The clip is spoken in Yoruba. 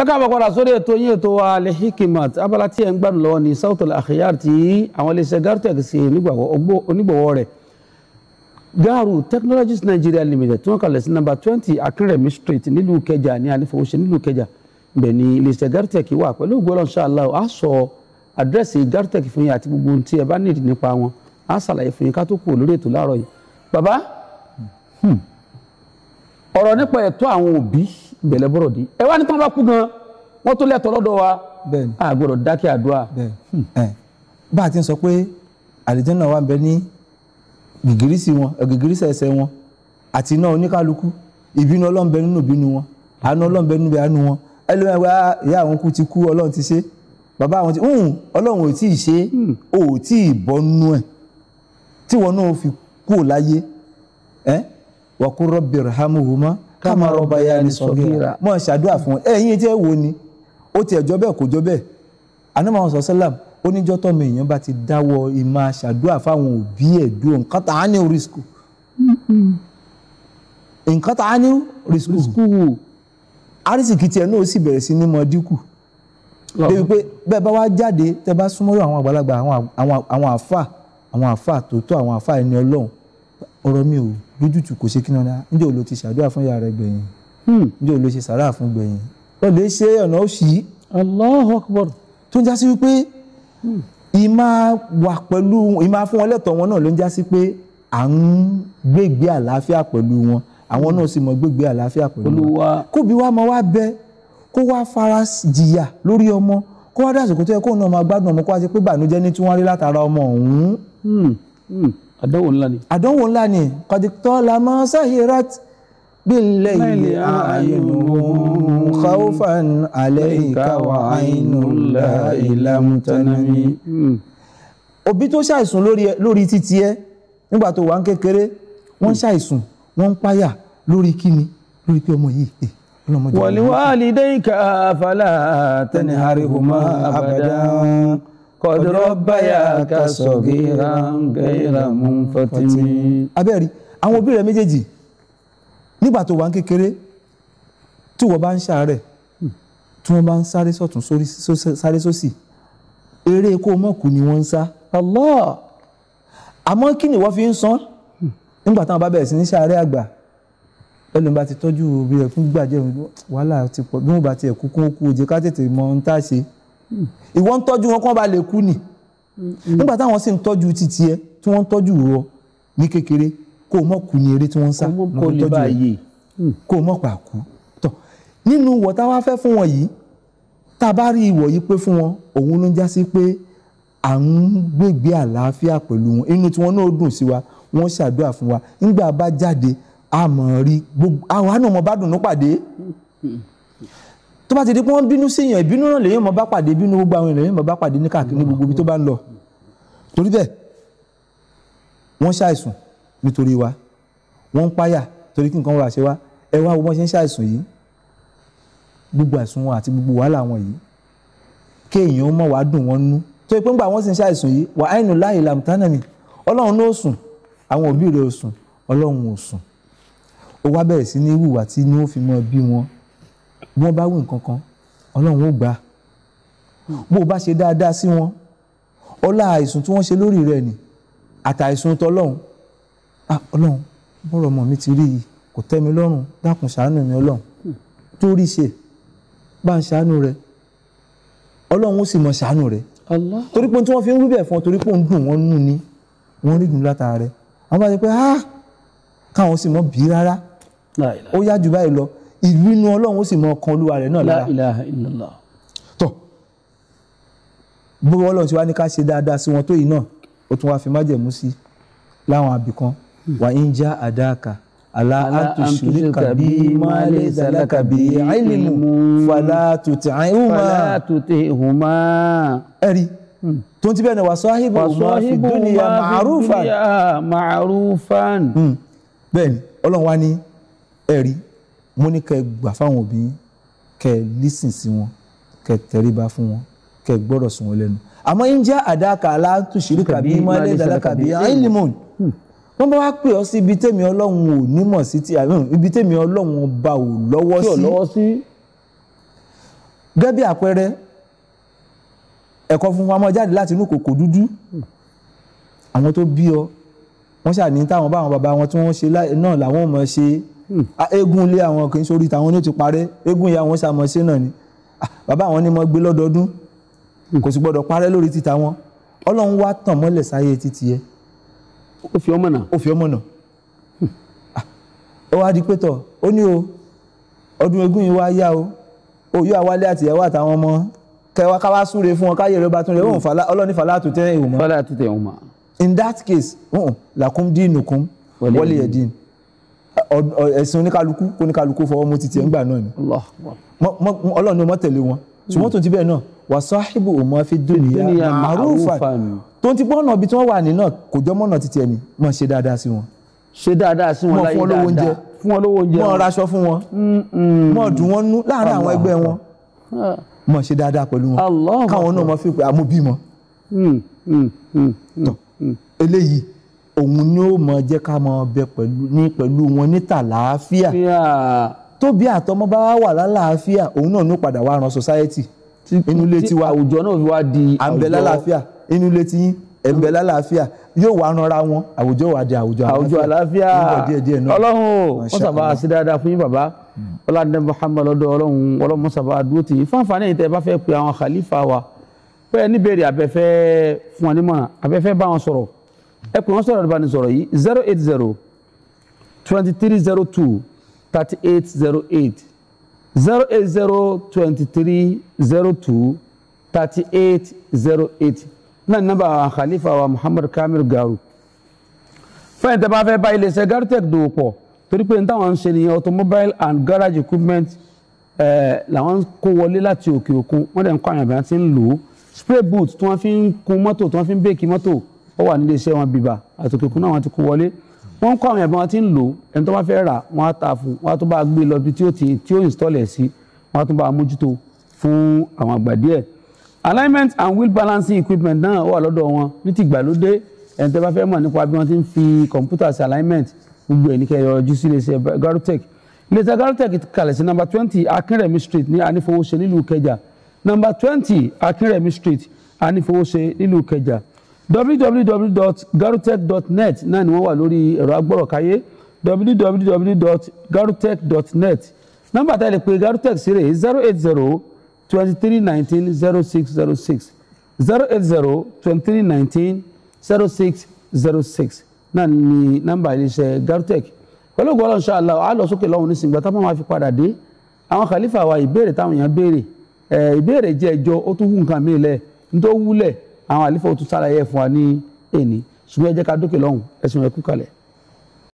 ẹ káàbọ̀ padà sórí ètò yín ètò wa Al-Hikmat abala tí ẹ̀ ń gbádùn lọ́wọ́ ní Sawtul Akhyar tí àwọn iléeṣẹ́ Gartech ṣe onígbọ̀wọ́ rẹ̀ Garu Technologies Nigeria Limited tí wọ́n kalẹ̀ sí number twenty Akínrẹ̀mí Street nílùú Kẹjà ní ànífowóṣe nílùú Kẹjà bẹ̀ ni iléeṣẹ́ Gartech wà pẹ̀lú ògbólọ́ ṣáàlá a sọ àdírẹ́sì Gartech fún yín àti gbogbo ohun tí ẹ bá nídìí nípa wọn a ṣàlàyé fún yín ká tó kù lórí ètò láàárọ̀ yìí hmm, gbẹ̀lẹ́ bọ̀rọ̀ di ẹ wá ní tí kú gan wọ́n tó lẹ́tọ̀ lọ́dọ̀ wa a gbọ́dọ̀ dákẹ́ àdúrà. Hmm. bá a ti ń sọ pé àlìjẹ́nà wa ń bẹ ní gìgírísì wọn gìgírísì ẹsẹ̀ wọn àti iná oníkálukú ìbínú Ọlọ́run bẹ nínú ìbínú wọn àánú Ọlọ́run bẹ nínú àánú wọn ẹlẹ́wọ̀n wa ah, ìyá àwọn kú ti kú Ọlọ́run ti ṣe bàbá àwọn ti hùn hmm, Ọlọ́run ò tí ṣe hmm. ò tí ì bọ́nú ẹ̀ tí wọn náà fi kú ò láyé ẹ wàkú rọ́bì rahamu kámárọ̀ báyà ni sọ̀gìrà mọ̀ ṣàdúrà fún ẹ ẹ̀yin tí ẹ wò ni ó tiẹ̀ jọ bẹ́ẹ̀ kò jọ bẹ́ẹ̀ anamọ̀ sọ sẹ́lám oníjọ́ tọ́mọ èèyàn bá ti dáwọ́ ìmọ̀ ṣàdúrà fáwọn òbí ẹ̀ dúró nǹkan tá a ní rìsíkù nǹkan tá a ní rìsíkù arísìkì tiẹ̀ náà ó sì bẹ̀rẹ̀ sí ní mọ dínkù débi pé bẹ́ẹ̀ bá wá jáde tẹ́ bá súnmọ́ àwọn àgbàlagbà àwọn àfà àwọn àfà tó tó àwọn àfà ẹni ọlọ́run ọ̀rọ̀ mi ò lójútùú kò ṣe kí náà náà ǹjẹ́ o lo ti ṣàdúrà fún ìyá rẹ gbẹ̀yìn hmm. ǹjẹ́ o lo ṣe sàrà fún gbẹ̀yìn lọ́ọ́ lè ṣe ọ̀nà òṣì. Allahu Akbar. tó ń já sí wípé hmm. ìmá wà pẹ̀lú ìmá fún wọn lẹ́tọ̀ọ́ wọn náà ló ń já sí pé à ń gbégbé àlàáfíà pẹ̀lú wọn àwọn náà sì mọ gbégbé àlàáfíà pẹ̀lú wọn kóbi wa mọ wá bẹ kó wá fara jìyà lórí ọmọ kó wá dàsìkò tó yẹ kó náà máa gbádùn ọmọ kó wá ṣe pé bànújẹ́ ní tí wọ́n rí látara ọmọ ọ̀hún. Hmm àdánwò ńlá ni. àdánwò ńlá ni kọ̀dìtọ́ la máa sáhìrat bílẹ̀ ilé àyìnú káwọ́fàn alẹ́ ìkáwà àyìnú ńlá ìlàmùtánami. Hmm. òbí tó ṣàìsùn lórí títí ẹ nígbà tó wà ń kékeré wọ́n hmm. ṣàìsùn wọ́n ń páyà lórí kíni lórí pé ọmọ yìí pè wọ́n ni wàá lè àbàdàn. قد ربياك صغيرا غير منفتم abẹ́rí àwọn òbí rẹ̀ méjèèjì nígbà tó wà ń kékeré tí wọ́n bá ń ṣàárẹ̀ tí wọ́n bá ń sáré sọ̀tún sáré sósì eré kó mọ̀kù ni wọ́n ń sá Allah àmọ́ kí ni wọ́n fi ń san nígbà táwọn bá bẹ̀rẹ̀ sí ní ṣàárẹ̀ àgbà ẹlòmí bá ti tọ́jú òbí fún gbàjẹ́ wàhálà ti pọ̀ bí wọ́n bá ti ẹ̀kú kún ó òjé ká tètè mọ ohun tá a ṣe ìwọ ń tọ́jú wọn kó ba lè kú ni nígbà táwọn sì ń tọ́jú títí ẹ tí wọ́n ń tọ́jú wọ ní kékeré kó o mọ̀ kú ní eré tí wọ́n ń sá kó o tọ́jú rẹ̀ hmm. kó o mọ̀ pa kú tọ̀ nínú wọ̀ tá a wá fẹ́ fún wọn yìí tá a bá rí ìwọ̀ yìí pé fún wọn òun ló ń já sí pé à ń gbègbè àlàáfíà pẹ̀lú wọn inú tí wọn náà dùn sí wa wọ́n ṣàdúrà fún wa nígbà bá jáde a rí gbogbo àwa náà mọ̀ bá dùn ní pàdé tó bá ti di pé wọ́n bínú sí èèyàn ìbínú náà lèyìn mọ̀ bá pàdé bínú gbogbo àwọn èèyàn mọ̀ bá pàdé ní káàkiri ní gbogbo ibi tó bá ń lọ torí bẹ́ẹ̀ wọ́n ṣàìsùn nítorí wa wọ́n ń páyà torí kí nǹkan wà ṣe wá ẹ wá wo bọ́n ṣe ń ṣàìsùn yìí gbogbo àìsùn wọn àti gbogbo wàhálà wọn yìí kéèyàn mọ̀ wá dùn wọn nú tó yẹ pé ńgbà wọ́n sì ń ṣàìsùn yìí wà áìnù láì làmùtánàmì ọlọ́run ló sùn wọ́n bá wí nǹkan kan ọlọ́run ó gbà bó o bá ṣe dáadáa sí wọn ọlá àìsùn tí wọ́n ṣe lórí rẹ̀ ni àtàìsùn tọlọ́run ọlọ́run bọ́rọ̀ ọmọ mi ti rí yìí kò tẹ́ mi lọ́rùn dákun ṣàánú mi ọlọ́run torí ṣe bá ń ṣàánú rẹ ọlọ́run ó sì mọ ṣàánú rẹ torí pé tí wọ́n fi ń wí bẹ̀ fún ọ torí pé ó ń dùn wọ́n nù ní wọ́n rí dùn látara rẹ àwọn bá ti pẹ́ ah káwọn sì mọ bí rárá ó yá jù báyìí lọ ìbínú ọlọ́run ó sì mọ kan olúwa rẹ̀ náà lára. La ilaha illallah. tọ́ gbogbo ọlọ́run ti wá ní ká ṣe dáadáa sí wọn tó yìí náà ó tún wáá fi májẹ̀mú sí láwọn àbìkan wà ń já àdáàkà àlá àtúnṣúrí kàbí máàlè zàlákàbí àìlèmú fàlà tòtè àìhùmá. fàlà tòtè ìhùmá. ẹ rí tó ń ti bẹ́ẹ̀ ni wàá sọ́hìbù máa fi dúnìyà màárùfàn. Hmm. bẹ́ẹ̀ ni ọlọ́run wá ní ẹ̀rí mo ní kẹ́ gbà fáwọn òbí kẹ́ lísìn sí wọn kẹ́ tẹríba fún wọn kẹ́ gbọ́dọ̀ sí wọn lẹ́nu àmọ́ ń jẹ́ àdáka aláǹtúṣìírí kàbí mọ́lẹ́ ìdálàkàbí àìlímọ̀n wọ́n bá wá pè ọ́ sí ibi tèmi ọlọ́run ò nímọ̀ sí ti àmì ibi tèmi ọlọ́run ọba ò lọ́wọ́ sí gẹ́gẹ́ bí àpẹẹrẹ ẹ̀kọ́ funfun ọmọ láti inú kòkò dúdú hmm. àwọn tó bí ọ wọ́n ṣàní táwọn bá àwọn bàbá wọn tí wọ́n ṣe náà làwọn ò mọ̀ ṣe Ah, eégún ilé àwọn kì í sórí tàwọn ní ó ti parẹ́ eégún ìyá wọn sàmọ́ sí náà ni ah, bàbá àwọn ni mo gbé lọ́dọọdún hmm. kò sì gbọ́dọ̀ parẹ́ lórí títa wọn ọlọ́run wá tàn mọ́lẹ̀ sáyé títí ẹ. ó fi ọmọ náà. ó fi ọmọ náà. Ah, ó wá di pétọ̀ ó ní o ọdún eégún yìí wá yá o òyò àwálé àtìyàwó àtàwọn ọmọ kẹwa ká wá súre fún ọ káyè rẹ bá tún rẹ òun ọlọ́ni fàlà àtúntẹ̀ ìwọ̀n. fàlà àtúntẹ̀ ìwọ̀n. in that case lakum dinukum waliya din ẹ̀sìn oníkálukú kó oníkálukú fọwọ́ mú títí ẹ̀ ń gbà náà ni ọlọ́run ni mo tẹ̀lé wọn ṣùgbọ́n tó ti bẹ́ẹ̀ náà wà sáhìbù òmò fi dúnìyà màrúfà tó ti pọ́nà ibi tí wọ́n wà ní náà kò jọ́ mọ́nà títí ẹni mọ̀ ṣe dáadáa sí wọn. ṣe dáadáa sí wọn láyé dáadáa fún wọn lówó oúnjẹ mọ̀ raṣọ fún wọn mọ̀ dùn wọn nú láàárín àwọn ẹgbẹ́ wọn ah. mọ̀ ṣe dáadáa pẹ̀lú wọn káwọn náà mọ̀ fi pé amóbímọ. Ah, mm, mm, mm, eléyìí òun ni ó mọ jẹ́ ká mọ bẹ pẹ̀lú ní pẹ̀lú wọn ní tàlàáfíà tóbi àtọmọ bá wà lálàáfíà òun náà ní padà wá ran society inú ilé tiwa àwùjọ náà fi di àwùjọ àmbẹ lálàáfíà inú ilé tiyín ẹ̀ǹbẹ̀ lálàáfíà yóò wá ranra wọn àwùjọ wà di àwùjọ àlàáfíà ọlọ́run wọ́n sábà ṣe dáadáa fún yín bàbá hmm. ọlọ́dẹ Muhammad ọdọ̀ ọlọ́run ọlọ́run sábà dúró tì í fáǹfààní yìí tẹ́ ẹ bá fẹ́ pe àwọn khalifa wa bẹ́ẹ̀ níbèrè abẹ́fẹ́ fún wọn nímọ̀ràn abẹ́fẹ́ bá ẹ pè wọ́n sọ̀rọ̀ ìbáni sọ̀rọ̀ yìí zero eight zero twenty three zero two thirty eight zero eight zero eight zero twenty three zero two thirty eight zero eight náà nọ́mbà àwọn khalifa wa muhammad kamil garu fẹ́ẹ̀ tẹ́ bá fẹ́ bá iléeṣẹ́ garutech dòwò pọ̀ torí pé táwọn ń ṣe nìyẹn automobile and garage equipment làwọn ń kó wọlé láti òkè òkun wọ́n dẹ̀ ń kọ́ àyànbá tí ń lò ó spray boot tí wọ́n fi ń kun mọ́tò tí wọ́n fi ń bèèkì mọ́tò ó wà nílé iṣẹ́ wọn bìbà àtòkèkùn náà wọ́n ti kó wọlé wọ́n ń kọ́ àwọn ẹ̀bùn wọn ti ń lò ẹni tó bá fẹ́ rà wọ́n á ta fún wọ́n á tún bá gbé lọ bí tí ó ti tí ó install sí wọ́n á tún bá mójútó fún àwọn àgbà díẹ̀ alignment and wheel balancing equipment náà wà lọ́dọ̀ wọn ní ti ìgbàlódé ẹni tó bá fẹ́ mọ̀ nípa bí wọ́n ti ń fi kọ̀ǹpútà sí alignment gbogbo ẹ̀ ní kẹyọ ojú sí iléeṣẹ́ garotech number twenty akínrẹ̀mí street ní anífowóṣe nílùú number twenty akínrẹ̀mí street anífowóṣe nílùú kẹjà www.garutech.net náà ni wọ́n wà lórí ẹ̀rọ agbọ́rọ̀káyé www.garutech.net nọ́mbà tá a lè pe garutech sí rè zero eight zero twenty three nineteen zero six zero six zero eight zero twenty three nineteen zero six zero six náà ni nọ́mbà iléeṣẹ́ garutech pẹ̀lú ògbọ́n ọlọ́run ṣáàlà á lọ sókè lọ́hùn nísìnyí gbàtà máa fi padà dé àwọn khalifa wa ìbéèrè táwọn èèyàn béèrè ìbéèrè jẹ́ ẹjọ́ ó tún hù nǹkan mi lẹ̀ ń tó wúlẹ̀ àwọn àlífà ó tún sálàyé fún wa ní èní ṣùgbọ́n ẹ jẹ́ ká dókè lọ́hùn ẹ̀sùn ẹ̀kú kalẹ̀.